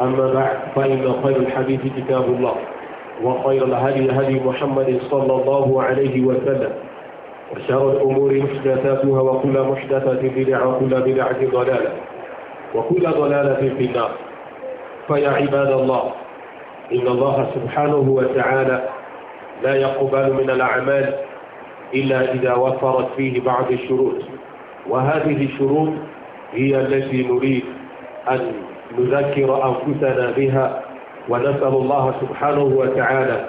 أما بعد فإن خير الحديث كتاب الله وخير الهدي هدي محمد صلى الله عليه وسلم وشر الأمور محدثاتها وكل محدثة بدعة وكل بدعة ضلالة وكل ضلالة في النار فيا عباد الله إن الله سبحانه وتعالى لا يقبل من الأعمال إلا إذا وفرت فيه بعض الشروط وهذه الشروط هي التي نريد أن نذكر أنفسنا بها ونسأل الله سبحانه وتعالى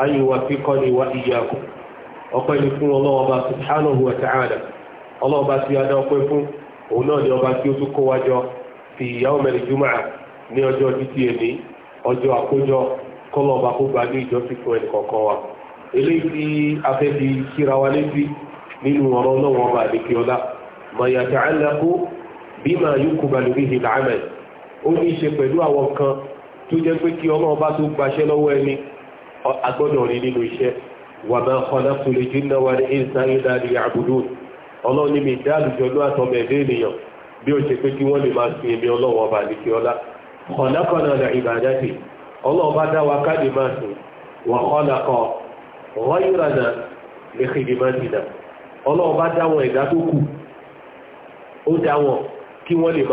أن يوفقني وإياكم ọpẹ́ ni fún ọlọ́wọ́ bá subhanahu wa ta'ala ọlọ́wọ́ bá ti adá ọpẹ́ fún òun náà ni ọba tí ó tún kó wájọ fi yawm al-jumu'a ní ọjọ́ títí èmi ọjọ́ àkójọ kọ́lọ̀ ọba kó gba ní ìjọsìn fún ẹnì kọ̀ọ̀kan wa eléyìí tí a fẹ́ fi kíra wa létí nínú ọ̀rọ̀ ọlọ́wọ́ ọba àdékè ọlá ma yata'allaqu bima yuqbalu bihi al-'amal ó ní í ṣe pẹ̀lú àwọn kan tó jẹ́ pé kí ọmọ ọba tó gbaṣẹ́ lọ́wọ́ ẹni agbọ́dọ̀ rí nínú iṣẹ́ wà máa kọ́lá tó lè jìnnà wà ní ìsáyé dáadé àbúrò ọlọ́run ní mi dá àlùjọ ló àtọmọ ẹ̀dẹ́ ènìyàn bí ó ṣe pé kí wọ́n lè máa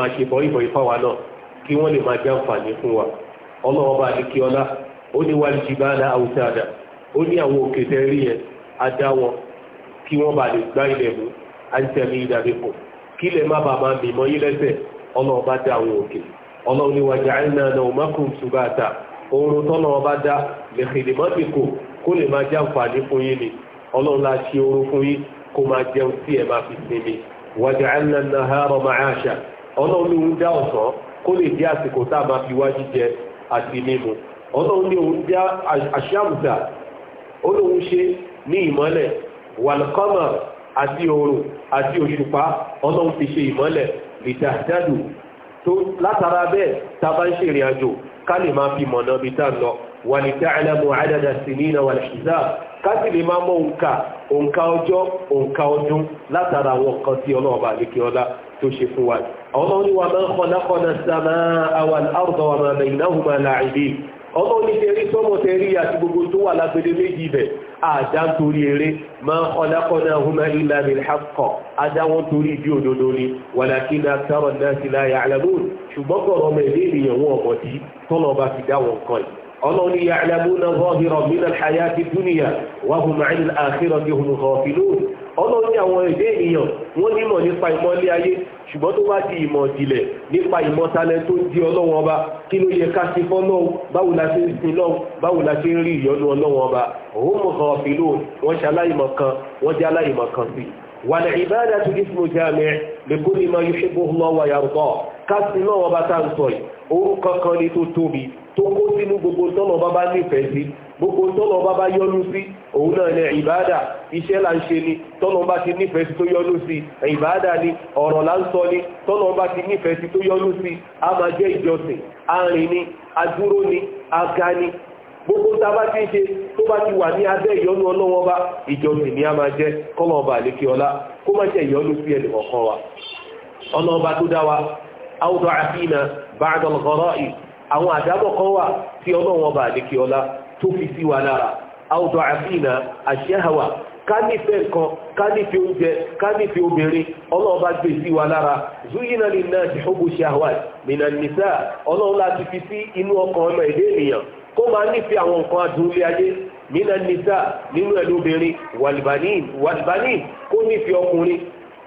ṣe bọ́ ìbọ̀ ìfáwa náà kí wọ́n lè máa jẹ́ àǹfààní fún wa ọlọ́wọ́ bá ní kí ọlá ó ní wàlú jìbáàlà àwùsáàdà ó ní àwọn òkè tẹ́rí yẹn adá wọn kí wọ́n bá lè gbá ilẹ̀ mú àǹtẹ̀mí ìdàbípò kí ilẹ̀ má bàa máa mìmọ́ yín lẹ́sẹ̀ ọlọ́wọ́ bá dá àwọn òkè ọlọ́wọ́ ní wàjà àìnà nàùmákùn ṣùgbàtà oorun tọ́lọ́wọ́ bá dá lẹ́kìdìmọ́tìkò kó lè máa jẹ́ àǹfààní fún yín ni ọlọ́run la ṣe oorun fún yín kó kó lè dí àsìkò tá a máa fi wá jíjẹ àti mímu ọlọ́run ní òun dá àṣàmùdà ó lóun ṣe ní ìmọ́lẹ̀ wàlùkọ́mà àti oòrùn àti òṣùpá ọlọ́run fi ṣe ìmọ́lẹ̀ lìdàdàdù tó látara bẹ́ẹ̀ tá a bá ń ṣèrìn àjò ká lè máa fi mọ̀nà bí tá a lọ wàlìtàlẹ́mù àdàdà sí ní ìnà wàlìṣìzá káàkiri máa mọ́ òǹkà òǹkà ọjọ́ òǹkà ọdún látara àwọn kan tí ọlọ́ọ̀bà àdékẹ́ọlá tó ṣe fún wa ọlọ́run ni wà máa ń kọ́ lákọ́nà sàmà àwọn àrùbọ̀ wà máa bẹ̀yìn náà máa láàrídé ọlọ́run ní tẹ̀rí sọ́mọ̀ tẹ̀rí àti gbogbo tó wà lágbèdè méjì ibẹ̀ àdá torí eré máa ń kọ́ lákọ́nà huma illa torí ibi òdodo ni walakinna aktharan ọlọ́run ní àwọn èdè ènìyàn wọ́n nímọ̀ nípa ìmọ̀ ilé ayé ṣùgbọ́n tó bá di ìmọ̀ ìdìlẹ̀ nípa ìmọ̀ talẹ̀ tó di ọlọ́run ọba kí ló yẹ ká sí fọ́lọ́run báwo la ṣe ń sin lọ́run báwo la ṣe ń rí ìyọ́nú ọlọ́run ọba òun mọ̀ kan ọ̀fìlú wọn ṣe aláìmọ̀ kan wọ́n jẹ́ aláìmọ̀ kan sí i wàlẹ̀ ìbáàdà tó dé fún ojú àmì lẹ́kọ́ ní ma yóò ṣe gbogbo tọ́lọ̀ bá bá yọ́nú sí òun náà ní ìbáàdà iṣẹ́ là ń ṣe ni tọ́lọ̀ bá ti nífẹ̀ẹ́ sí tó yọ́nú sí ìbáàdà ni ọ̀rọ̀ là ń sọ ni tọ́lọ̀ bá ti nífẹ̀ẹ́ sí tó yọ́nú sí a máa jẹ́ ìjọsìn arìn ni adúró ni aga ni gbogbo tá a bá ti ń ṣe tó bá ti wà ní abẹ́ ìyọ́nú ọlọ́wọ́ bá ìjọsìn ni a máa jẹ́ kọ́lọ̀ ọba àlékè ọlá kó má jẹ́ ìyọ́nú sí ẹnì kọ̀ọ̀kan wa ọlọ́ọba tó dá wa áwùjọ àfihàn bá àdọ̀lọ́kọ̀ọ́rọ́ àwọn àdámọ̀ kan wà tí ọlọ́wọ́ ọba àlékè ọlá tó fi sí wa lára àwùjọ àfihàn àṣẹ́hàwà ká nífẹ̀ẹ́ nǹkan ká nífẹ̀ẹ́ oúnjẹ ká nífẹ̀ẹ́ obìnrin ọlọ́run bá gbé sí wa lára zuyina lè náà ti hubbu shahwat mina nisa ọlọ́run láti fi sí inú ọkàn ọmọ èdè ènìyàn kó máa nífẹ̀ẹ́ àwọn nǹkan adúlé ayé mina nisa nínú ẹ̀lú obìnrin wàlìbánìm wàlìbánìm kó nífẹ̀ẹ́ ọkùnrin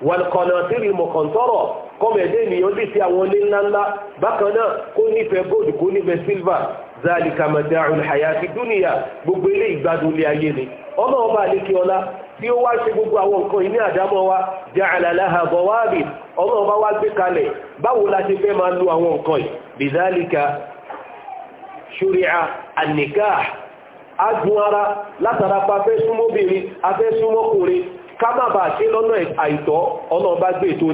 wàlìkọ̀nàtìrì mọ̀kàntọ́rọ̀ kọ́mọ èdè ènìyàn lè fi àwọn ilé ńláńlá bákan náà kó nífẹ̀ẹ́ gold kó nífẹ̀ẹ́ silver zálìkà mẹ́tẹ́rù àyàfi dúnìyà gbogbo ilé ìgbádùn ilé ayé ni ọlọ́ọ̀bá àlékè ọlá tí ó wá ṣe gbogbo àwọn nǹkan ìní àdámọ́ wa ja'ala laha bawabin ọba wá gbé kalẹ̀ báwo la ṣe fẹ́ máa lo àwọn nǹkan yìí bizalika ṣúríà an-nikah ara látara pa fẹ́ súnmọ́bìnrin afẹ́ súnmọ́kùnrin ká má bàa ṣe lọ́nà àìtọ́ ọlọ́ọ̀bá gbé ètò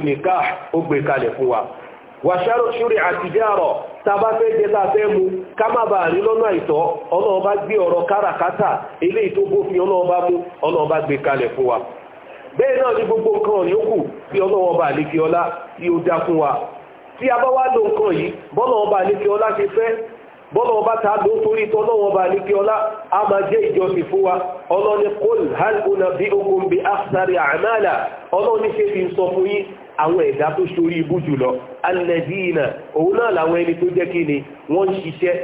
ó gbé kalẹ̀ fún wa wàṣàrò ṣúrí àtijáàrọ̀ tàbá fẹ́ jẹta fẹ́ mu ká má bàa rí lọ́nà àìtọ́ ọlọ́ọ̀bá gbé ọ̀rọ̀ káràkátà eléyìí tó bófin ọlọ́ọ̀bá mú ọlọ́ọ̀bá gbé kalẹ̀ fún wa bẹ́ẹ̀ náà ni gbogbo nǹkan ọ̀rìn ó kù tí ọlá tí ó dá fún wa tí a bá wá lo nǹkan yìí bọ́lọ́ọ̀bá àlékè ọlá ṣe fẹ́ bọ́lọ́wọ́ ta ló torí tọ́lọ́wọ́ bá ọlá a máa jẹ́ ìjọsìn fún wa ọlọ́ni kol halkuna àwọn ẹ̀dá tó ṣorí ibú jùlọ alẹ́dínà òun náà làwọn ẹni tó jẹ́ kí ni wọ́n ń ṣiṣẹ́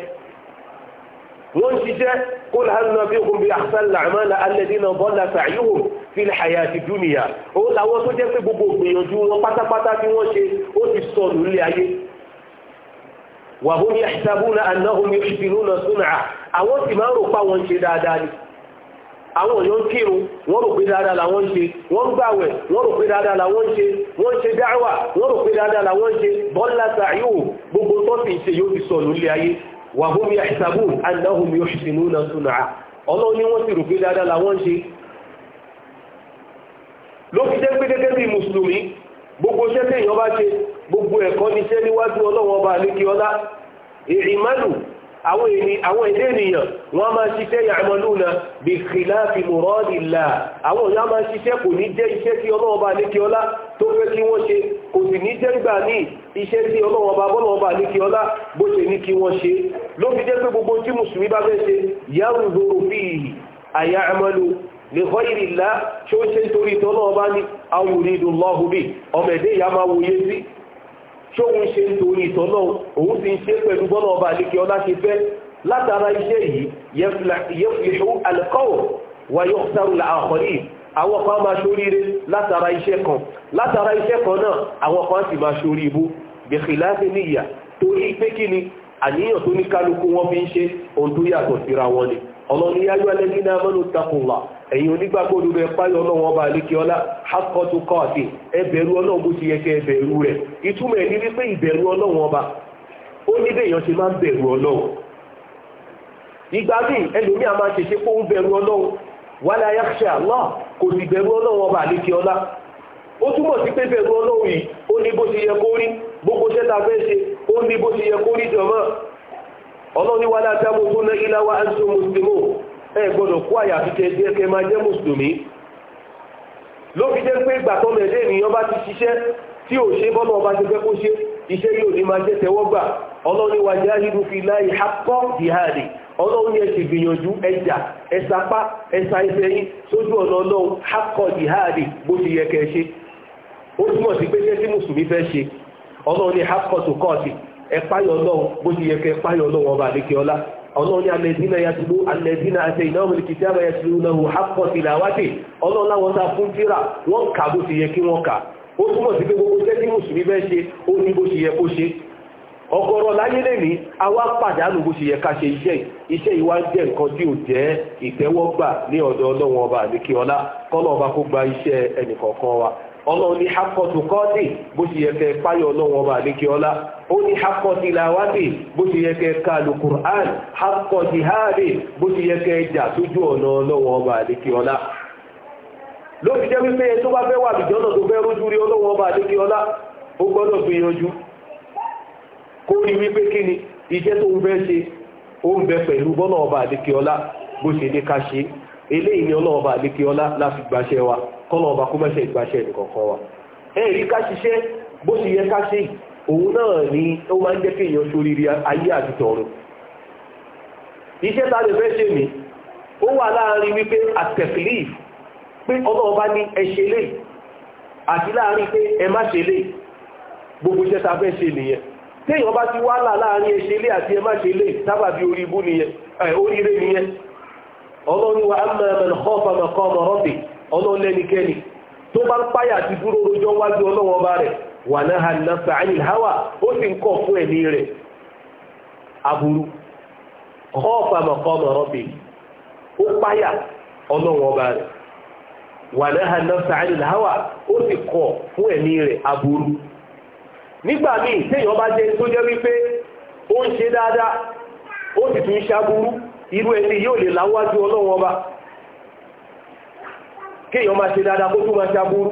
wọ́n ń ṣiṣẹ́ kó làánà bí òun bí àṣàlà àmàlà alẹ́dínà bọ́lá sàyíwò fílẹ̀ àyàtì dúnìyà òun làwọn tó jẹ́ pé gbogbo gbìyànjú wọn pátápátá tí wọ́n ṣe ó ti sọnù ilé ayé wàhún yàtàbùnà ànáhùn yóò ṣ àwọn èèyàn ń kírun wọ́n rò pé dáadáa làwọn ń ṣe wọ́n ń gbàwẹ̀ wọ́n rò pé dáadáa làwọn ń ṣe wọ́n ń ṣe dáwà wọ́n rò pé dáadáa làwọn ń ṣe bọ́lá sàáyò gbogbo tó ti ṣe yóò fi sọnù ilé ayé wà hum yahsabun annahum yuhsinuna sun'a ọlọ́run ni wọ́n ti rò pé dáadáa làwọn ń ṣe ló fi jẹ́ pé gẹ́gẹ́ bí mùsùlùmí gbogbo iṣẹ́ téèyàn bá ṣe gbogbo ẹ̀kọ́ níṣẹ́ níwájú àwọn èdè ènìyàn wọ́n máa ṣiṣẹ́ ya'maluna bí khilafi muradillah àwọn èèyàn máa ṣiṣẹ́ kò ní jẹ́ iṣẹ́ tí ọlọ́ọba lékiọlá tó fẹ́ kí wọ́n ṣe kò sì ní jẹ́ gbà ní iṣẹ́ tí ọlọ́ọba bọ́lọ́ọba lékiọlá bó ṣe ní kí wọ́n ṣe ló fi jẹ́ pé gbogbo tí mùsùlùmí bá fẹ́ ṣe yanzuru fihi ṣóhun ṣe nítorí ìtọ́nà òun ti ń ṣe pẹ̀lú bọ́nà ọba àlékè ọlá ṣe fẹ́ látara iṣẹ́ yìí yẹfìlẹ̀ṣù alẹ́kọ̀ọ́ wáyọ̀ sárùlà àkọ́lì àwọn kan máa ṣoríire látara iṣẹ́ kan látara iṣẹ́ kan náà àwọn kan sì máa ṣorí ibú bẹ̀kìláṣẹ́ níyà torí pé kí ni àníyàn tó ní kálukú wọn fi ń ṣe ohun tó yàtọ̀ síra wọn ni ọlọ́ni yáyọ́ alẹ́ nínú amọ́nù takùnlá ẹ̀yin onígbàgbọ́ olùrẹ páyọ ọlọ́wọ́ ọba àlékiọlá hakọ́tù kọ́ọ̀tì ẹbẹ̀rù ọlọ́run bó ti yẹ kẹ ẹbẹ̀rù rẹ̀ ìtumọ̀ ẹ̀ ní wípé ìbẹ̀rù ọlọ́run ọba ó ní bẹ́ẹ̀yàn ṣe máa ń bẹ̀rù ọlọ́run ìgbà míì ẹlòmíà máa ṣèṣe kó ń bẹ̀rù ọlọ́run wàlá yakhsha Allah kò sì bẹ̀rù ọlọ́run ọba àlékiọlá ó túmọ̀ sí pé bẹ̀rù ọlọ́run yìí ó ní bó ti yẹ ẹ gbọ́dọ̀ kó àyà fi kẹ́kẹ́ máa jẹ́ mùsùlùmí ló fi jẹ́ pé ìgbà tó mẹ́lẹ́ ènìyàn bá ti ṣiṣẹ́ tí ò ṣe bọ́lá ọba ti fẹ́ kó ṣe iṣẹ́ yóò ní máa jẹ́ tẹ́wọ́gbà ọlọ́ni wa jahidu fillahi haqqa jihadi ọlọ́run yẹn ti gbìyànjú ẹjà ẹsapá ẹsa ìfẹ́yìn sójú ọ̀nà ọlọ́run haqqa jihadi bó ti yẹ kẹ́ ṣe ó túmọ̀ sí pé tí mùsùlùmí fẹ́ ṣe ọlọ́run ní haqqa tuqati ẹ̀páyọ̀ ọlọ́run bó ti yẹ kẹ́ ẹ̀páyọ̀ ọlọ́run ọba àdékẹ́ ọlá ọlọ́run ní alẹ́dínà yàtúlú alẹ́dínà àti ìnáwọ̀n kìtàbà yàtúlú náà hapọ̀ tìlàwátì ọlọ́run láwọn sá fún tíra wọ́n kà bó ti yẹ kí wọ́n kà ó túmọ̀ sí pé gbogbo tẹ́tí mùsùlùmí bẹ́ẹ̀ ṣe ó ní bó ṣe yẹ kó ṣe ọ̀gọ̀rọ̀ láyé lèmi àwa pàdánù bó ṣe yẹ ká ṣe iṣẹ́ iṣẹ́ ìwà jẹ́ nǹkan tí ò jẹ́ ìtẹ́wọ́gbà ní ọ̀dọ̀ ọlọ́run ọba wa ọlọ́run ní hapkọtụ kọ́ọ̀tì bó ṣe yẹ kẹ́ páyọ̀ ọlọ́run ọba àdékè ọlá ó ní hakọ̀tì làwádì bó ṣe yẹ kẹ́ ka alukur'an hakọ̀tì háàdì bó ṣe yẹ kẹ́ jà ọba àdékè ọlá wípé tó ń ṣe ó ń bẹ ọba ọlá bó ṣe ele ni ọlọ́ọ̀bá àlékè ọlá láti gbàṣẹ wa kọ́lọ̀ọ̀bá kó mẹ́ṣẹ́ ìgbàṣẹ nìkọ̀ọ̀kan wa ẹ̀rí ká ṣiṣẹ́ bó ṣe yẹ ká ṣe òun náà ni ó máa ń jẹ́ kéèyàn sóríire ayé àti tọ̀run iṣẹ́ ta lè fẹ́ ṣe mí ó wà láàrin wípé àtẹ̀kìlíf pé ọlọ́ọ̀bá ni ẹ ṣe lè àti láàrin pé gbogbo iṣẹ́ ta fẹ́ ṣe nìyẹn ti wá là láàrin ẹ ṣe lè àti ẹ má ṣe ọlọ́run wa amma man khafa maqama rabbih ọlọ́run lẹ́nikẹ́ni tó bá ń páyà ti dúró rojọ́ wájú ọlọ́wọ́ bá rẹ̀ wà naha an-nafsa 'anil hawa ó sì ń kọ̀ fún ẹ̀mí rẹ̀ aburú ó páyà ọlọ́wọ́ irú ẹni yóò lè láwájú ọlọ́run ọba kéèyàn máa ṣe dáadáa kó tún máa ṣe aburú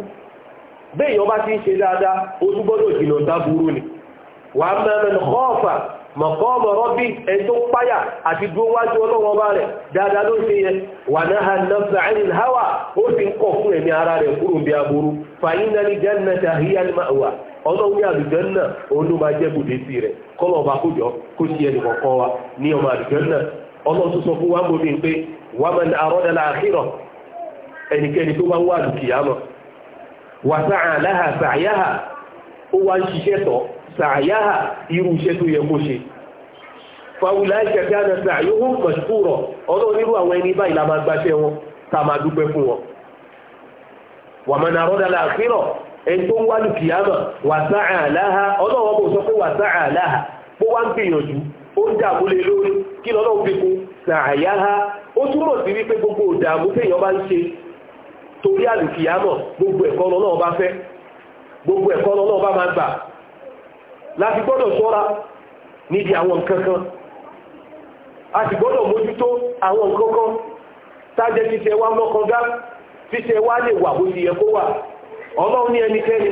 béèyàn bá ti ń ṣe dáadáa ó tún gbọ́dọ̀ jìnnà sáburú ni wà á mẹ́rin kọ́ọ̀fà mọ̀kọ́ọ̀mọ̀ rọ́bì ẹ̀ tó páyà àti dúró wájú ọlọ́run ọba rẹ̀ dáadáa ló ṣe yẹ wà náà hàn nafsa hawa ó sì ń kọ̀ fún ẹ̀mí ara rẹ̀ kúrò bí aburú fàyínà ní jannata hiya al-ma'wa ọlọ́run ní àlùjànnà òun ló máa jẹ́ bùdé sí rẹ̀ kọ́lọ̀ ọba kójọ kó ṣe ẹnì kọ̀ọ̀kan wa ní ọmọ àlùjànnà ọlọ́run sọ fún wa ń bomi pé wà á máa ní arọ́dàlá àkírọ̀ ẹnikẹ́ni tó bá wà lùkìyà mọ̀ wà sáà láhà sàáyáhà ó wá ń ṣiṣẹ́ tọ̀ sàáyáhà irú iṣẹ́ tó yẹ kó ṣe fàwùlà ìṣẹ̀dá náà sàáyóhùn mọ̀ṣúrọ̀ ọlọ́run nírú àwọn ẹni báyìí la máa wà máa ní arọ́dàlá ń wá ó dààmú lórí kí lọ́lọ́run fi na làyà ha ó túmọ̀ sí wípé gbogbo ìdààmú téèyàn bá ń ṣe torí gbogbo ẹ̀kọ́ lọ́lọ́run bá fẹ́ gbogbo ẹ̀kọ́ lọ́lọ́run bá máa gbà láti gbọ́dọ̀ ṣọ́ra níbi àwọn nǹkan a sì gbọ́dọ̀ mójútó àwọn nǹkan tájẹ́ ti lè wà bó ti yẹ kó wà ọlọ́run ní ẹnikẹ́ni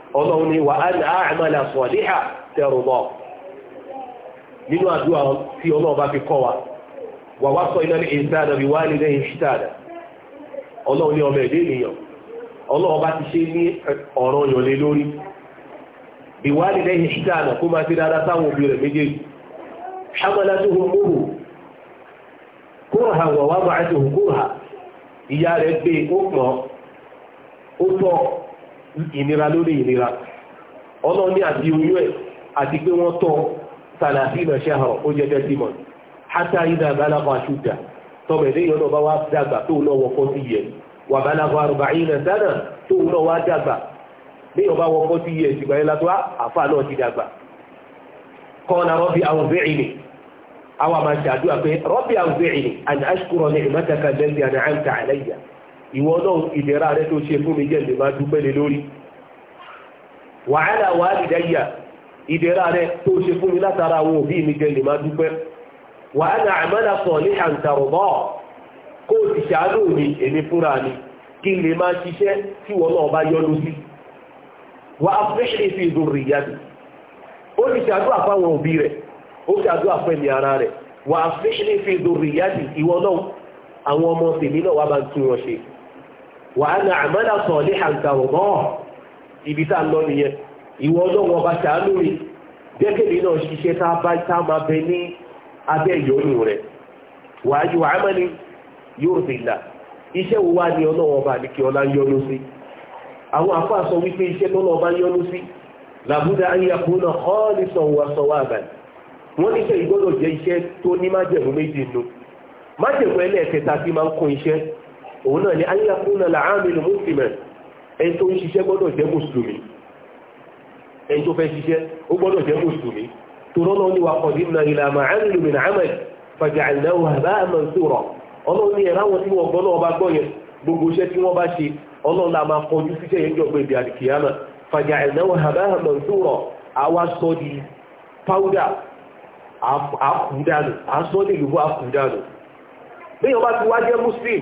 ọlọ́run ni wà á sọ̀díhà tẹ̀rù nínú tí ọlọ́run bá fi kọ́ wa wà wá sọ iná ní ìsáàdà bí wàá nílẹ̀ ìṣítàdà ọlọ́run ní ọmọ ẹ̀dẹ́ ènìyàn ọlọ́run bá ti ṣe ní ọ̀ràn yàn lé lórí bí wàá nílẹ̀ ìṣítàdà kó máa ti dára sáwọn méjèèjì tó ìnira lórí ìnira ọlọ́run ní àti oyún ẹ̀ àti pé wọ́n tọ́ sàlàfíìnà ṣáhàn ó jẹ́ tẹ́símọ̀n hátà ìdá balagha ashudda tọ́mọ̀ ẹ̀dẹ́ yọ̀nà bá wá dàgbà tó náà wọ forty years wà balagha arba'ina sana tó náà wá dàgbà léèyàn bá wọ forty years ìgbà yẹn látọ́ àfa náà ti dàgbà kọ́nà rọ́bì àwọn àwọn àmà ṣàdúrà pé rọ́bì àwọn àti àṣkúrọ̀ ìwọ náà ìdẹ̀ra rẹ tó ṣe fún mi jẹ́ lè máa dúpẹ́ lé lórí wàhálà wàhálì dáyà ìdẹ̀ra rẹ tó ṣe fún mi látara àwọn òbí mi jẹ́ lè máa dúpẹ́ wàhálà àmàlà sọ ní àǹtàrọ̀bọ̀ kó o ti ṣàánú mi èmi fúnra mi kí n lè máa ṣiṣẹ́ tí wọn náà bá yọ́nú sí wà á fẹ́ ṣe fi dhurriyyati ó ti ṣàdúrà fáwọn òbí rẹ̀ ó ṣàdúrà fẹ́mi ara rẹ̀ wà á fẹ́ ṣe fi dhurriyyati ìwọ náà àwọn ọmọ tèmi náà wà bá ń tún wọn ṣe wà á na àmàlà sọ̀ ní àǹtà ọ̀mọ́ ibi tá a lọ nìyẹn ìwọ ọba ṣàánú rí jẹ́kẹ̀lì náà ṣiṣẹ́ tá a bá tá a máa bẹ ní abẹ́ ìyọ́nù rẹ̀ wà á ju àmàlì yóò sì là iṣẹ́ wo wá ní ọlọ́wọ́ ọba àdìkẹ́ ọlá yọ́nú sí àwọn wípé iṣẹ́ sí ayakuna khalisan wa wọ́n jẹ́ iṣẹ́ tó ní májẹ̀mú méjì nù májẹ̀mú ẹlẹ́ẹ̀kẹta tí máa ń kún òun náà ni ayyakuna la'amilu musliman ẹni tó ń ṣiṣẹ́ gbọ́dọ̀ jẹ́ mùsùlùmí ẹni tó fẹ́ ṣiṣẹ́ ó gbọ́dọ̀ jẹ́ mùsùlùmí tó rọ́nà ní wa qadimna ila ma 'amilu min 'amal faja'alnahu haba'an gbogbo àkùdánù àkùdánù bí wọ́n bá ti wá jẹ́ muslim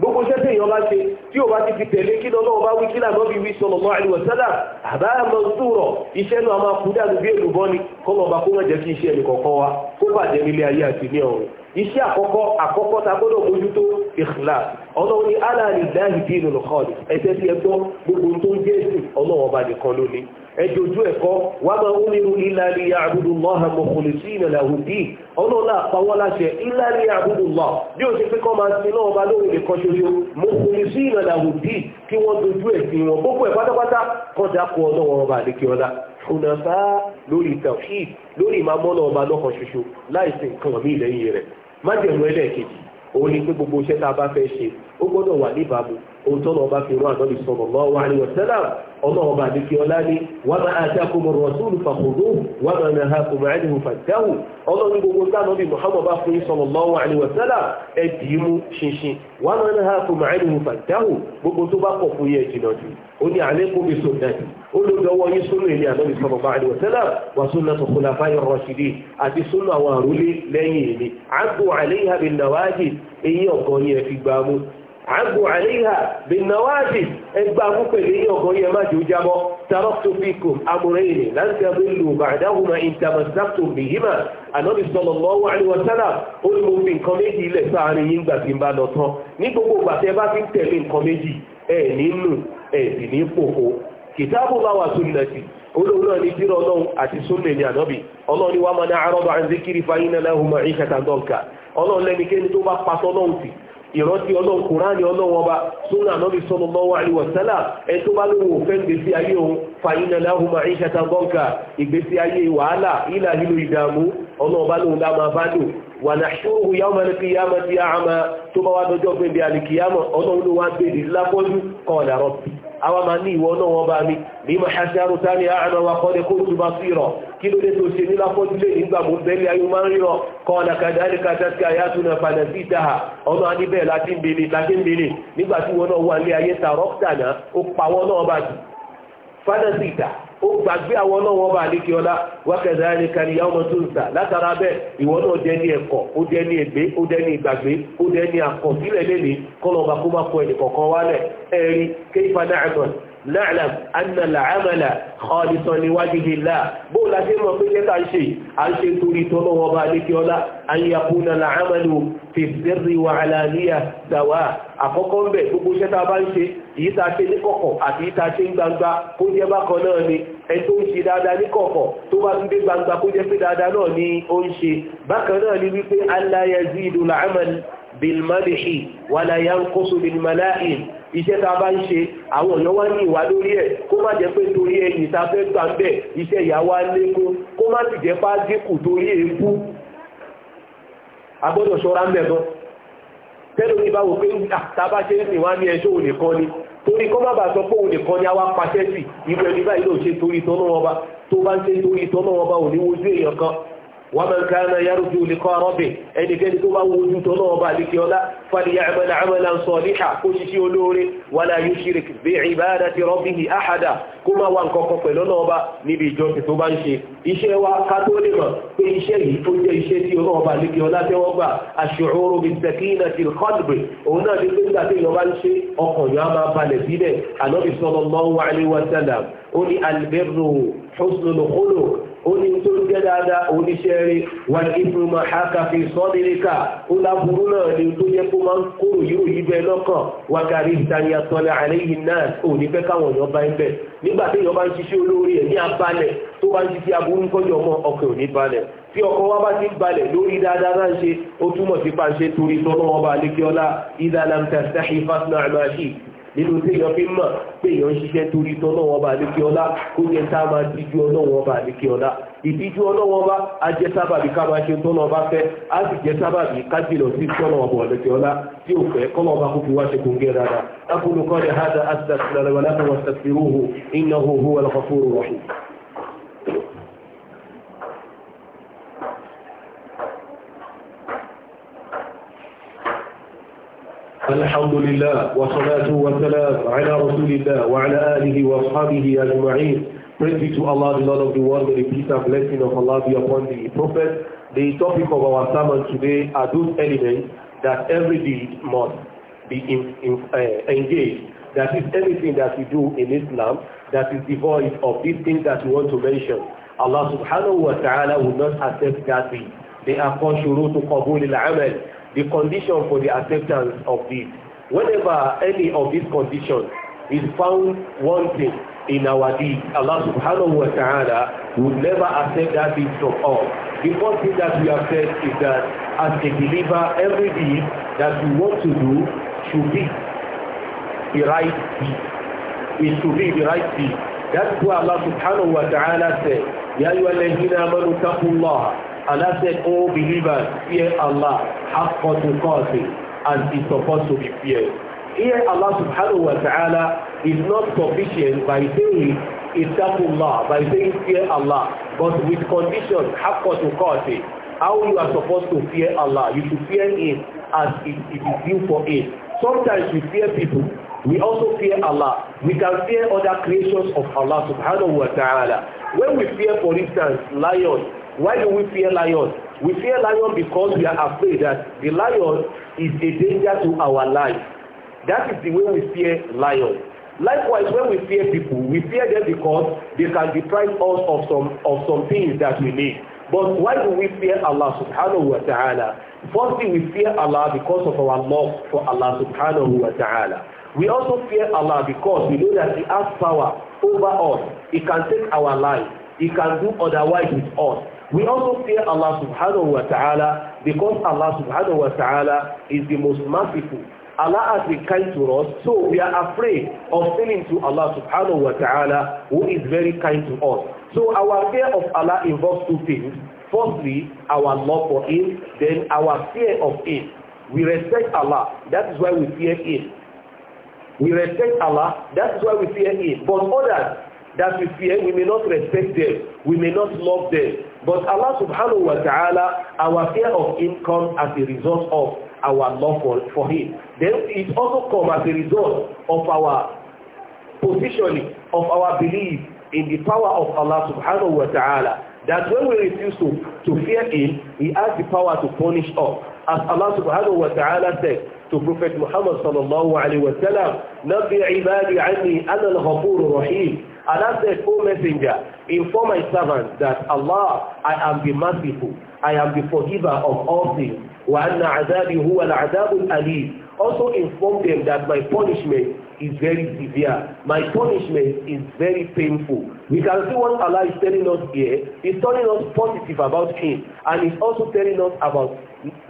gbogbo ṣẹ́tẹ̀ èèyàn bá ṣe tí o bá ti fi tẹ̀lé kí lọ́wọ́ bá wí kí lànà bí wí sallallahu alaihi wasallam àbá mọ̀súrọ̀ iṣẹ́ náà máa kú dànù bí èlùbọ́ ni kọ́mọ̀ bá kó wọ́n jẹ́ kí iṣẹ́ ẹnìkọ̀ọ̀kan wa kó bàjẹ́ nílé ayé àti ní ọ̀run iṣẹ́ àkọ́kọ́ àkọ́kọ́ ta gbọ́dọ̀ mójútó ikhlas ọlọ́run ni aláàlì dáhìdínù lọ́kọ́ọ̀lì ẹ̀sẹ̀ tí ẹgbọ́ gbogbo tó ń jẹ́ ìsìn ọlọ́run ọba nìkan lónìí ẹjọ́jú ẹ̀kọ́ wà máa ń nínú ìlàlí àbúdùmọ́ha mọ̀kùnlẹ̀sí ìrìnlẹ̀ àwùdí ọlọ́lá àpawọ́ láṣẹ ìlàlí àbúdùmọ́ bí ó ti fẹ́kọ́ máa sin náà bá lóhùn nìkan ṣoṣo mọ̀kùnlẹ̀sí ìrìnlẹ̀ àwùdí kí wọ́n dojú ẹ̀sìn wọn gbogbo ẹ̀ pátápátá kọ́ dákọ̀ ọlọ́wọ́ ọba àdékíọlá ọba ó gbọ́dọ̀ wà níbàámu ohun tó lọ́ọ́ bá fi rán ànábì sallallahu alaihi wasallam ọlọ́run bá dìkì ọlá ní wa ma atakumu rasulu fakhuduhu wa ma nahakum anhu fantahu ọlọ́run gbogbo sànàbì Muhammad bá fún sallallahu alaihi wasallam ẹ dì í mú ṣinṣin wa ma ní alaikum bi àgbò àríyá bìnnáwáàdì ẹgbà púpẹ̀lẹ̀ ní ọgbọ̀n yẹ má jò jábọ́ tarọ́tòfíkò amúrẹ́yìnì láti abúlù bàdáhùnmá ìtàmọ̀sáàtò bìhímà ànábì sallallahu alaihi wa sallam ó ní mo fi nǹkan méjì ilẹ̀ sáàrin yín gbà tí ń bá lọ tán ní gbogbo ìgbà tẹ́ bá ti ń tẹ̀lé nǹkan méjì ẹ̀ nínú ẹ̀ sì ní pòfo kìtàbù bá wà sunnati olóòrùn náà ní tírà ọlọ́run àti súnlẹ̀ ní ànábì ọlọ́run ni wá máa ní àárọ̀ bá ń zikiri fáyínà láhùn máa ń ṣàtàdọ́ǹkà ọlọ́run lẹ́nikẹ́ni tó bá pa tọ́lọ́run sí ìrántí ọlọ́run kùránì ọlọ́run ọba súnà ànábì sallallahu alaihi wasallam ẹ tó bá lówó fẹ́ gbèsè ayé òun fàyínà láhùn máa ń ṣàtà bọ́ǹkà ìgbésí ayé wàhálà ìlà lílo ìdààmú ọlọ́run bá lóun dáa máa bá lò wà nàṣúrù yàwó kìyàmà àwa máa ní ìwọ náà wọn bá mi bí mo ṣàṣẹ arúta ní àánà wa kọ́ ní kó tún bá sí rọ kí ló dé tó ṣe ní láfọ́jú lé nígbà mo bẹ́lẹ̀ ayé máa ń ríran kọ́ ọ̀nà kàdáni kàdáni àyà tún náà padà ó gbàgbé àwọn ọlọ́wọ́ bá àdékè ọlá wákẹ́dá ẹni kan ìyá ọmọ tó ń tà látara bẹ́ẹ̀ ìwọ náà jẹ́ ní ẹ̀kọ́ ó jẹ́ ní ègbé ó jẹ́ ní ìgbàgbé ó jẹ́ ní àkọsílẹ̀ lẹ́ni kọ́lọ́ọ̀bà kó má kọ kọ̀ọ̀kan wálẹ̀ ẹ̀rí na'lam anna la'amala khalisan li wajhi llah bó láti mọ̀ pé kẹta ṣe a ṣe torí tọ́lọ́wọ́ bá ní kí ọlá an yakuna la'amalu fi sirri wa alaniya sawa àkọ́kọ́ ń bẹ̀ gbogbo iṣẹ́ tá a bá ń ṣe èyí tá a ṣe ní kọ̀kọ̀ àti èyí ṣe ń gbangba kó jẹ́ bákan náà ni ẹ tó ń ṣe dáadáa ní kọ̀kọ̀ tó bá ń dé gbangba kó jẹ́ pé dáadáa náà ni ó ń ṣe bákan náà ni wípé alla yazidu al-amal bil madhi wala yanqusu iṣẹ́ tá a bá ń ṣe àwọn ọ̀nà wá ní ìwà lórí ẹ̀ kó má jẹ́ pé torí ẹ̀yìn tá a fẹ́ gbà bẹ́ẹ̀ iṣẹ́ ìyá wa lékún kó má sì jẹ́ pá dínkù torí èébú a gbọ́dọ̀ ṣọ́ra ń bẹ̀bọ tẹ́lẹ̀ ní báwo pé tá a bá ṣe ń sìn wá ní ẹjọ́ òní kan ni torí kọ́ má bàa sọ pé òní kan ni ومن كان يرجو لقاء ربه أن كان كما وجود الله بالك يولا فليعمل عملا صالحا كل شيء لوري ولا يشرك بعبادة ربه أحدا كما وانكوكو لنوبا نبي جوك تبانشي iṣẹ́ wa ká tó lè mọ̀ pé iṣẹ́ yìí tó jẹ́ iṣẹ́ tí ọlọ́run ọba lè kí ọlá tẹ́wọ́ gbà aṣòro bí tẹ̀kínà ti kọ́dùbì òun náà ní pé nígbà tí ìyọba ń ṣe ọkàn yóò máa balẹ̀ sílẹ̀ ànábì sallallahu alaihi wasallam ó ní albirru husnul khuluq oní tó ń jẹ́ dáadáa oníṣẹ́ rí wọn ìfún ma haka fi sọ́dínlẹ́ka ó láburú náà ni tó jẹ́ kó máa ń kóró yóò yí bẹ́ẹ̀ lọ́kàn wákàrí ìtaniya tọ́lá àléyìn náà ò ní fẹ́ káwọn èèyàn bá ń bẹ̀ nígbà tí èèyàn bá ń ṣiṣẹ́ olórí ẹ̀ ní abalẹ̀ tó bá ń ṣiṣẹ́ aburú kọjọ mọ́ ọkàn ò balẹ̀ tí ọkọ̀ wá bá ti balẹ̀ lórí dáadáa náà ṣe ó túmọ̀ sí pàṣẹ torí tọ́lọ́wọ́ bá lékè ìdálàmtà sáhì fásitì àmàṣì nínú téèyàn fi mọ̀ téèyàn ń ṣiṣẹ́ torí tọ́ lọ́wọ́ ọba àdékè ọlá kó jẹ tá a máa díjú ọlọ́wọ́ ọba àdékè ọlá ìdíjú ọlọ́wọ́ ọba á sábàbí ká máa ṣe tọ́lọ́ ọba fẹ́ á sì jẹ́ sábàbí ká jìnà sí tọ́lọ́ ọba àdékè ọlá tí ò fẹ́ kọ́lọ́ ọba kó fi wá ṣe kóńgẹ́ dáadáa أقول قولي هذا أستغفر الله ولكم واستغفروه إنه هو الغفور الرحيم الحمد لله وصلاة وسلام على رسول الله وعلى آله وأصحابه أجمعين Praise be to Allah, the Lord of the world, may the peace and blessing of Allah be upon the Prophet. The topic of our sermon today are those elements that every deed must be in, in, uh, engaged. That is anything that we do in Islam that is devoid of these things that we want to mention. Allah subhanahu wa ta'ala will not accept that deed. They are called shurutu qabulil amal the condition for the acceptance of this. Whenever any of these conditions is found wanting in our deeds, Allah subhanahu wa ta'ala will never accept that deed from us. The first thing that we have said is that as a believer, every deed that we want to do should be the right deed. It should be the right deed. That's why Allah subhanahu wa ta'ala said, يَا أَيُّهَا الَّذِينَ آمَنُوا اتَّقُوا اللَّهَ Allah said, O oh, believers, fear Allah, to cause it, and is supposed to be feared. Here Allah subhanahu wa ta'ala is not sufficient by saying Ittaqullah, by saying fear Allah, but with conditions, cause it. how you are supposed to fear Allah. You should fear it, as it, it is due for it. Sometimes we fear people, we also fear Allah. We can fear other creations of Allah subhanahu wa ta'ala. When we fear, for instance, lions, Why do we fear lions? We fear lions because we are afraid that the lion is a danger to our life. That is the way we fear lions. Likewise, when we fear people, we fear them because they can deprive us of some of some things that we need. But why do we fear Allah subhanahu wa ta'ala? Firstly, we fear Allah because of our love for Allah subhanahu wa ta'ala. We also fear Allah because we know that He has power over us. He can take our life. He can do otherwise with us. We also fear Allah subhanahu wa ta'ala because Allah subhanahu wa ta'ala is the most merciful. Allah has been kind to us, so we are afraid of sinning to Allah subhanahu wa ta'ala who is very kind to us. So our fear of Allah involves two things. Firstly, our love for Him, then our fear of Him. We respect Allah, that is why we fear Him. We respect Allah, that is why we fear Him. But others that we fear, we may not respect them, we may not love them, But Allah subhanahu wa ta'ala, our fear of him comes as a result of our love for, for him. Then it also comes as a result of our positioning, of our belief in the power of Allah subhanahu wa ta'ala. That when we refuse to, to fear him, he has the power to punish us. As Allah subhanahu wa ta'ala said to Prophet Muhammad sallallahu alayhi wa sallam, نَبِّ عِبَادِ عَنِّي أَنَا الْغَفُورُ الرَّحِيمُ And Allah the full messenger, inform my servant that Allah, I am the merciful, I am the forgiver of all things. وَأَنَّ عَذَابِي هُوَ الْعَذَابُ الْأَلِيمُ Also inform them that my punishment is very severe. My punishment is very painful. We can see what Allah is telling us here. He's telling us positive about him and he's also telling us about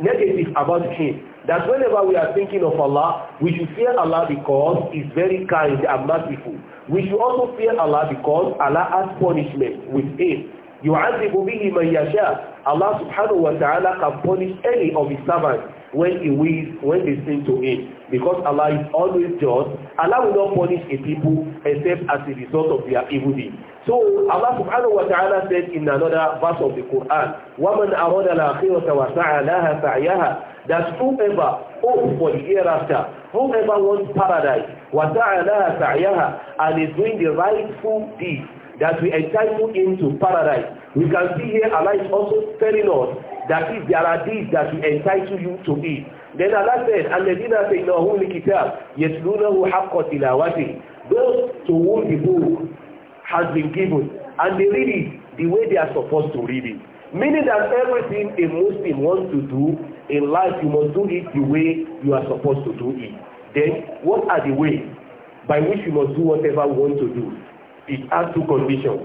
negative about him that whenever we are thinking of Allah, we should fear Allah because He's very kind and merciful. We should also fear Allah because Allah has punishment with Him. يُعَذِّبُ بِهِ مَنْ يَشَاءُ Allah subhanahu wa ta'ala can punish any of His servants when he wills, when they sin to him. Because Allah is always just. Allah will not punish a people except as a result of their evil deed. So Allah subhanahu wa ta'ala said in another verse of the Quran, وَمَنْ أَرَادَ الْآخِرَةَ وَسَعَى لَهَا سَعْيَهَا that whoever hopes oh, for the hereafter, whoever wants paradise, وَتَعَلَىٰ سَعْيَهَا and is doing the rightful deed that we entitle him to paradise. We can see here Allah is also telling us that if there are deeds that we entitle you to be, Then Allah said, الَّذِينَ فَإِنَّهُمْ الْكِتَابِ يَتْلُونَهُ حَقَّ تِلَاوَتِهِ Those to whom the book has been given, and they read it the way they are supposed to read it. Meaning that everything a Muslim wants to do, in life you must do it the way you are supposed to do it. Then what are the ways by which you must do whatever you want to do? It has two conditions.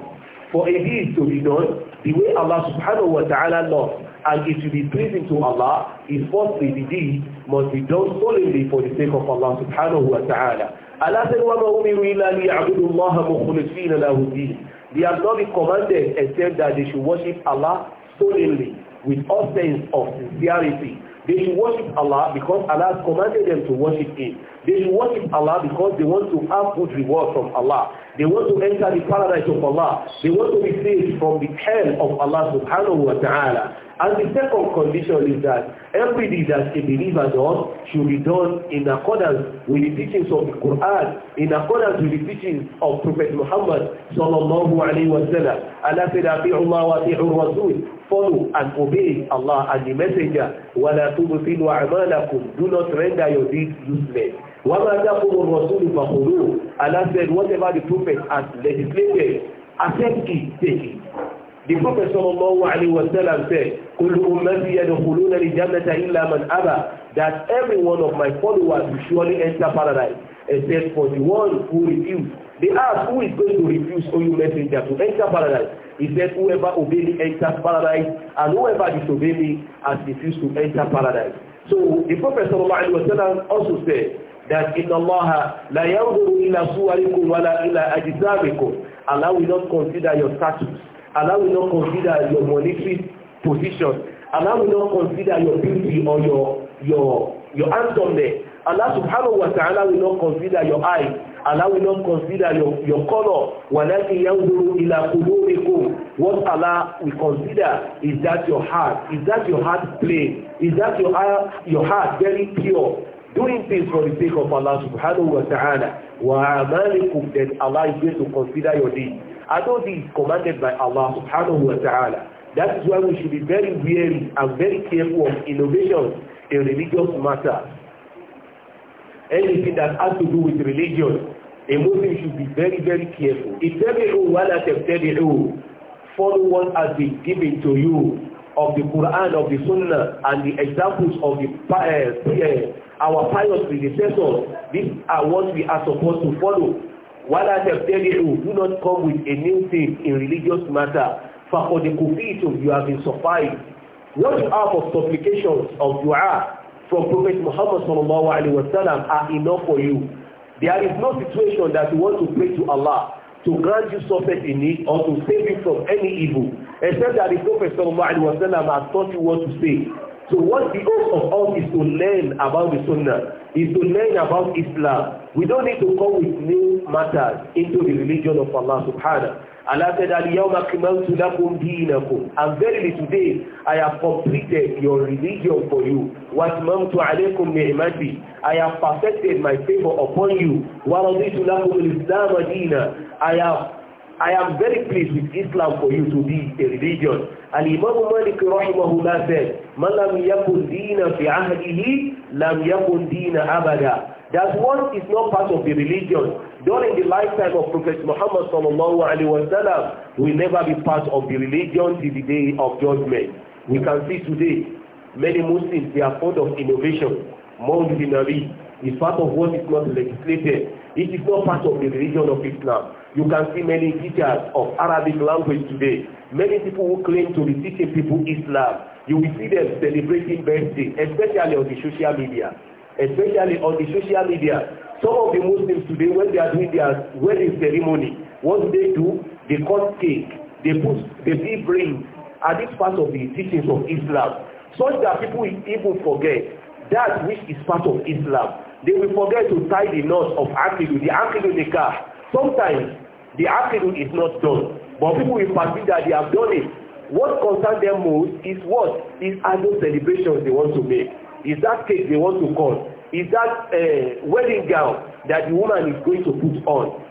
For a deed to be done the way Allah subhanahu wa ta'ala loves and it to be pleasing to Allah is firstly the deed must be done solely for the sake of Allah subhanahu wa ta'ala. Allah said, وَمَا أُمِرُوا إِلَّا لِيَعْبُدُوا اللَّهَ مُخْلِصِينَ لَهُ الدِّينَ They have not been commanded except that they should worship Allah solely with all sense of sincerity. They should worship Allah because Allah commanded them to worship Him. They should worship Allah because they want to have good reward from Allah. They want to enter the paradise of Allah. They want to be saved from the hell of Allah subhanahu wa ta'ala. And the second condition is that everything that a believer does should be done in accordance with the teachings of the Quran, in accordance with the teachings of Prophet Muhammad sallallahu alayhi wa sallam. Allah said, Abi'u Allah wa abi'u Rasul. Follow and obey Allah and the Messenger. Wa la tubtilu a'malakum. Do not render your deeds useless. Wa ma taqulu Rasul rasulu fakhudhuhu. Allah said, whatever the Prophet has legislated, accept it, take it. The Prophet sallallahu alayhi wa sallam said, Kullu ummati yadkhuluna al-jannata illa man aba, that every one of my followers will surely enter paradise, except for the one who refused. They ask, who is going to refuse, O you messenger, to enter paradise? He said, whoever obey me enters paradise, and whoever disobey me has refused to enter paradise. So the Prophet sallallahu alayhi wa sallam also said, that in Allah la yanzuru ila suwarikum wala ila ajisamikum. Allah will not consider your status. Allah will not consider your monetary position. Allah will not consider your beauty or your your your handsomeness. Allah subhanahu wa ta'ala will not consider your eyes. Allah will not consider your, your color. وَلَكِنْ يَنْظُرُ إِلَى قُلُوبِكُمْ What Allah will consider is that your heart. Is that your heart plain? Is that your, your heart very pure? Doing things for the sake of Allah subhanahu wa ta'ala. وَعَمَالِكُمْ Then Allah is going to consider your deeds are not these commanded by Allah subhanahu wa ta'ala. That is why we should be very wary and very careful of innovation in religious matters. Anything that has to do with religion, a Muslim should be very, very careful. Ittabi'u wa Follow what has been given to you of the Quran, of the Sunnah, and the examples of the uh, uh, our pious predecessors. These are what we are supposed to follow wala tabtadi'u do not come with a new thing in religious matter faqad kufitum you have been sufficed what you have of supplications of dua from prophet muhammad sallallahu alaihi wasallam are enough for you there is no situation that you want to pray to allah to grant you success in it or to save you from any evil except that the prophet sallallahu alaihi wasallam has taught you what to say So what the hope of all is to learn about the Sunnah, is to learn about Islam. We don't need to come with new matters into the religion of Allah subhanahu. Allah said, Al-Yawma Kimaltu Lakum Dinakum. And verily today, I have completed your religion for you. Wasmamtu Alaykum Ni'mati. I have perfected my favor upon you. Wa Raditu Lakum Al-Islam Adina. I have I am very pleased with Islam for you to be a religion. Al-Imam Malik rahimahullah said, Man lam yakun dina fi ahdihi, lam yakun dina abada. That one is not part of the religion. During the lifetime of Prophet Muhammad sallallahu alaihi wasallam, will never be part of the religion till the day of judgment. We can see today, many Muslims, they are fond of innovation. Mawlid Nabi is part of what is not legislated. It is not part of the religion of Islam. You can see many teachers of Arabic language today. Many people who claim to be teaching people Islam. You will see them celebrating birthday, especially on the social media. Especially on the social media. Some of the Muslims today, when they are doing their wedding ceremony, what do they do? They cut cake. They put, they peel ring. Are these part of the teachings of Islam? Such that people even forget that which is part of Islam they will forget to tie the knot of akidu the akidu car. sometimes the akidu is not done but people will perceive that they have done it what concerns them most is what is are those celebrations they want to make is that cake they want to cut is that uh, wedding gown that the woman is going to put on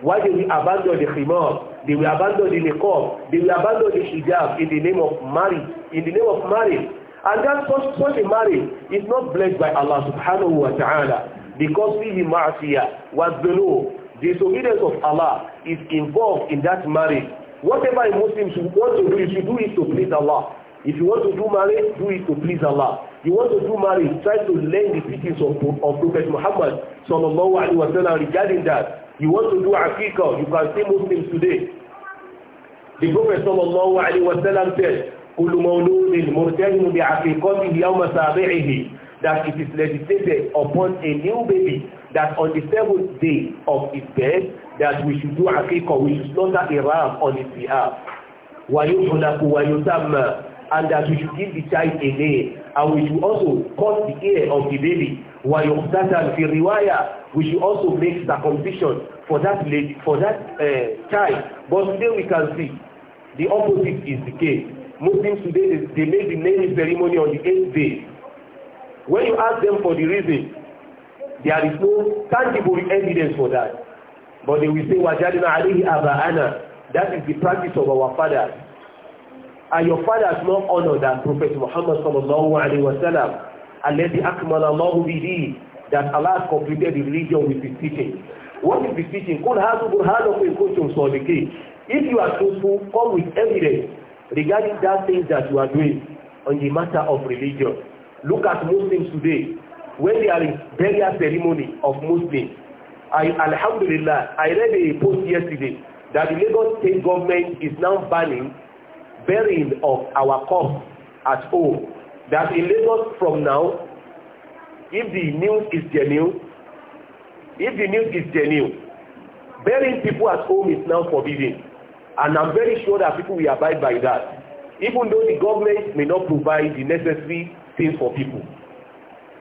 why they will abandon the khimar they will abandon the niqab they will abandon the hijab in the name of marriage in the name of marriage And that such, such a marriage is not blessed by Allah subhanahu wa ta'ala because fihi ma'asiyah was below. Disobedience of Allah is involved in that marriage. Whatever a Muslim should want to do, you should do it to please Allah. If you want to do marriage, do it to please Allah. You want to do marriage, try to learn the teachings of, of Prophet Muhammad sallallahu alaihi wasallam regarding that. You want to do aqiqah, you can see Muslims today. The Prophet sallallahu alaihi wasallam said, kullu mawludin murtahin bi aqiqatihi yawma sabi'ihi that it is legislated upon a new baby that on the seventh day of its birth that we should do aqiqah we should slaughter a ram on its behalf wa yuhlaku wa yusamma and that we should give the child a name and we should also cut the ear of the baby wa yuqtatal fi riwaya we should also make circumcision for that lady for that uh, child but today we can see the opposite is the case Muslims today they make the naming ceremony on the eighth day. When you ask them for the reason, there is no tangible evidence for that. But they will say, Wajadina alayhi aba'ana. That is the practice of our fathers. And your fathers not honor that Prophet Muhammad sallallahu alayhi wa sallam. Alladhi akmal Allahu bihi. That Allah has completed the religion with his teaching. What is the teaching? Kul hadu burhanakum kuntum sadiqin. If you are truthful, come with evidence regarding that things that you are doing on the matter of religion. Look at Muslims today. When they are in burial ceremony of Muslims, I, Alhamdulillah, I read a post yesterday that the Lagos state government is now banning burying of our corpse at home. That in Lagos from now, if the news is genuine, if the news is genuine, burying people at home is now forbidden. And I'm very sure that people will abide by that. Even though the government may not provide the necessary things for people.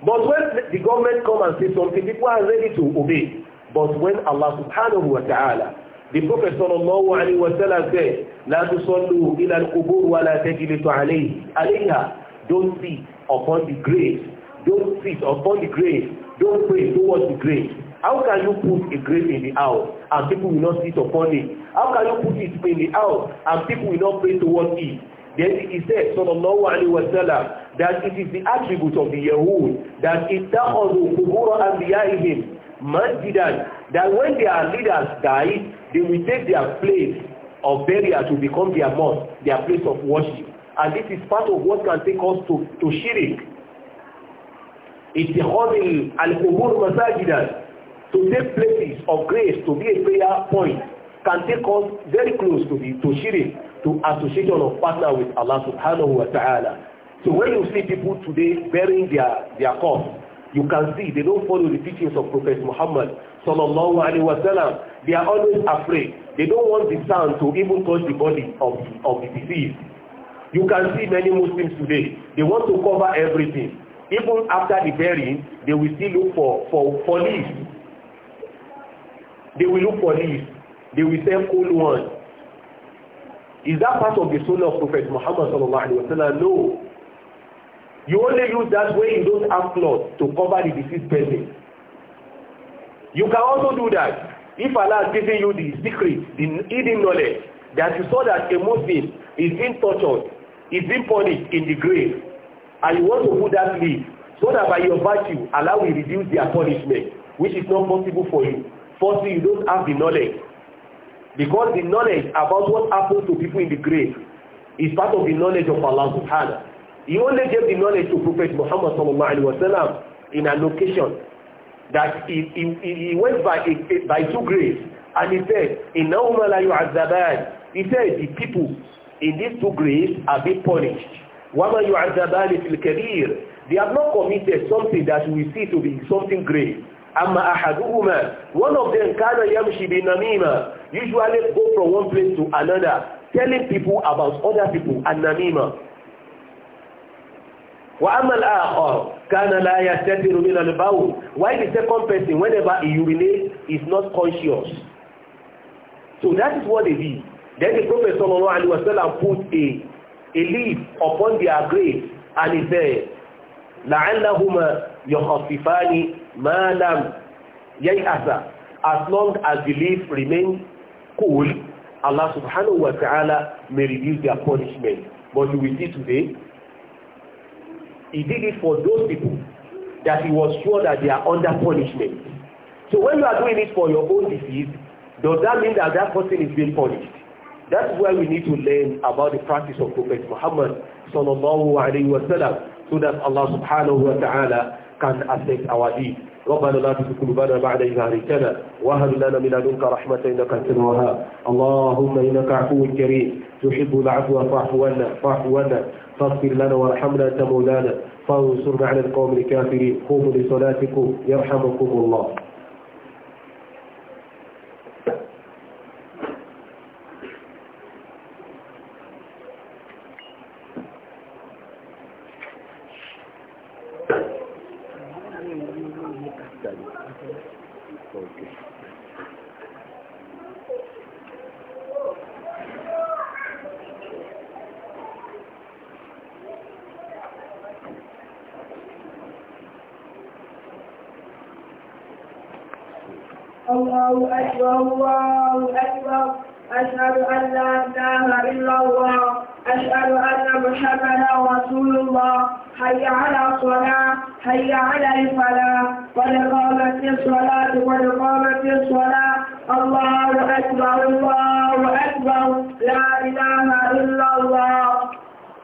But when the government come and say something, people are ready to obey. But when Allah subhanahu wa ta'ala, the Prophet sallallahu alayhi wa sallam said, لا تصلوا إلى القبور ولا تجلسوا عليه عليها. Don't sit upon the grave. Don't sit upon the grave. Don't pray towards the grave. How can you put a grave in the house? and people will not sit upon it how can you put it in the house and people will not pray towards it then he said sallallahu alaihi wasallam that it is the attribute of the Yahud that and qubur anbiya'ihim masjidan that when their leaders die they will take their place of burial to become their mosque their place of worship and this is part of what can take us to to shirk اتخاذ القبور مساجدا to take places of grace to be a prayer point can take us very close to the to shirik to association of partner with Allah subhanahu wa ta'ala so when you see people today burying their their corpse you can see they don't follow the teachings of Prophet Muhammad sallallahu alaihi wasallam they are always afraid they don't want the sound to even touch the body of of the deceased you can see many Muslims today they want to cover everything even after the burying they will still look for for for leaves They will look for leaves. They will sell cold ones. Is that part of the sunnah of Prophet Muhammad sallallahu alaihi wasallam? No. You only use that when you don't have cloth to cover the deceased person. You can also do that if Allah has given you the secret, the hidden knowledge that you saw that a Muslim is being tortured, is being punished in the grave, and you want to put that leaf so that by your virtue, Allah will reduce their punishment, which is not possible for you firstly you don't have the knowledge because the knowledge about what happens to people in the grave is part of the knowledge of Allah subhanahu he only gave the knowledge to Prophet Muhammad sallallahu alaihi wasallam in an occasion that he, he, he went by, by two graves and he said innahuma la he said the people in these two graves are being punished wama yu'azzabani fil kabir they have not committed something that we see to be something grave Amma ahaduhuma, one of them kana yamshi bi namima, usually go from one place to another, telling people about other people and namima. Wa amma al-akhar kana la yastatiru min al-bawl. Why the second person whenever he urinates is not conscious. So that is what they did. Then the Prophet sallallahu alaihi wasallam put a a leaf upon their grave and he said, لَعَلَّهُمَا يَخَفِّفَانِ malam yayasa as long as the leaf remains cool Allah subhanahu wa ta'ala may reduce their punishment but you will see today he did it for those people that he was sure that they are under punishment so when you are doing it for your own disease does that mean that that person is being punished that's where we need to learn about the practice of Prophet Muhammad sallallahu alayhi wa sallam so that Allah subhanahu wa ta'ala can affect our deed. ربنا لا تزغ قلوبنا بعد إذ هديتنا وهب لنا من لدنك رحمة إنك أنت الوهاب اللهم إنك عفو كريم تحب العفو فاعف عنا فاعف عنا فاغفر لنا وارحمنا أنت مولانا فانصرنا على القوم الكافرين قوموا لصلاتكم يرحمكم الله أشهد أن لا إله إلا الله أشهد أن محمدا رسول الله حي على الصلاة حي على الفلاح ولقامة قامت الصلاة ولقامة قامت الصلاة الله أكبر الله أكبر لا إله إلا الله